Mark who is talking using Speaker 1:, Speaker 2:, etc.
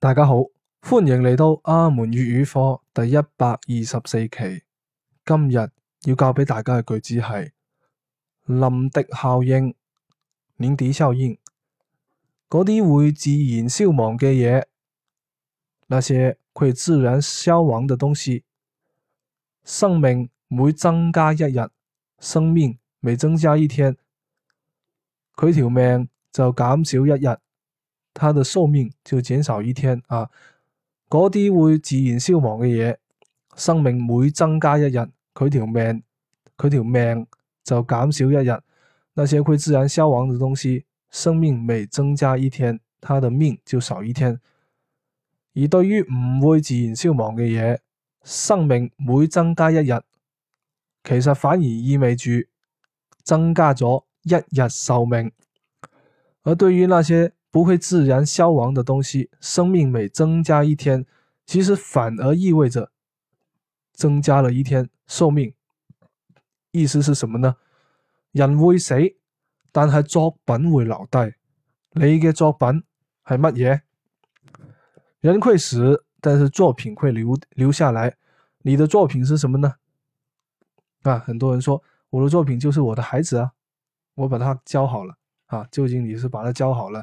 Speaker 1: 大家好，歡迎嚟到阿門粵語課第一百二十四期。今日要教俾大家嘅句子，就、係、是、林迪效應。林迪效應，嗰啲會自然消亡嘅嘢，那些佢自然消亡的東西，生命每增加一日，生命未增加一天，佢條命就減少一日。他的壽命就減少一天啊！嗰啲會自然消亡嘅嘢，生命每增加一日，佢條命佢條命就減少一日。那些會自然消亡的東西，生命未增加一天，它的命就少一天。而對於唔會自然消亡嘅嘢，生命每增加一日，其實反而意味住增加咗一日壽命。而對於那些，不會自然消亡的東西，生命每增加一天，其實反而意味着增加了一天壽命。意思是什麼呢？人會死，但係作品會留低，你嘅作品係乜嘢？人會死，但是作品會留留下來。你的作品是什麼呢？啊，很多人說我的作品就是我的孩子啊，我把他教好了啊。究竟你是把他教好了？